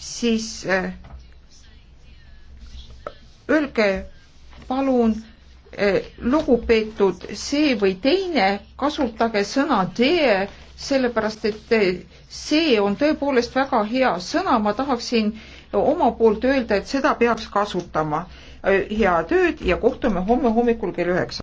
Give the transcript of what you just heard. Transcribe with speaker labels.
Speaker 1: siis äh, öelge palun äh, lugupeetud see või teine, kasutage sõna teie, sellepärast et äh, see on tõepoolest väga hea sõna, ma tahaksin oma poolt öelda, et seda peaks kasutama. head ööd ja kohtume homme hommikul kell üheksa.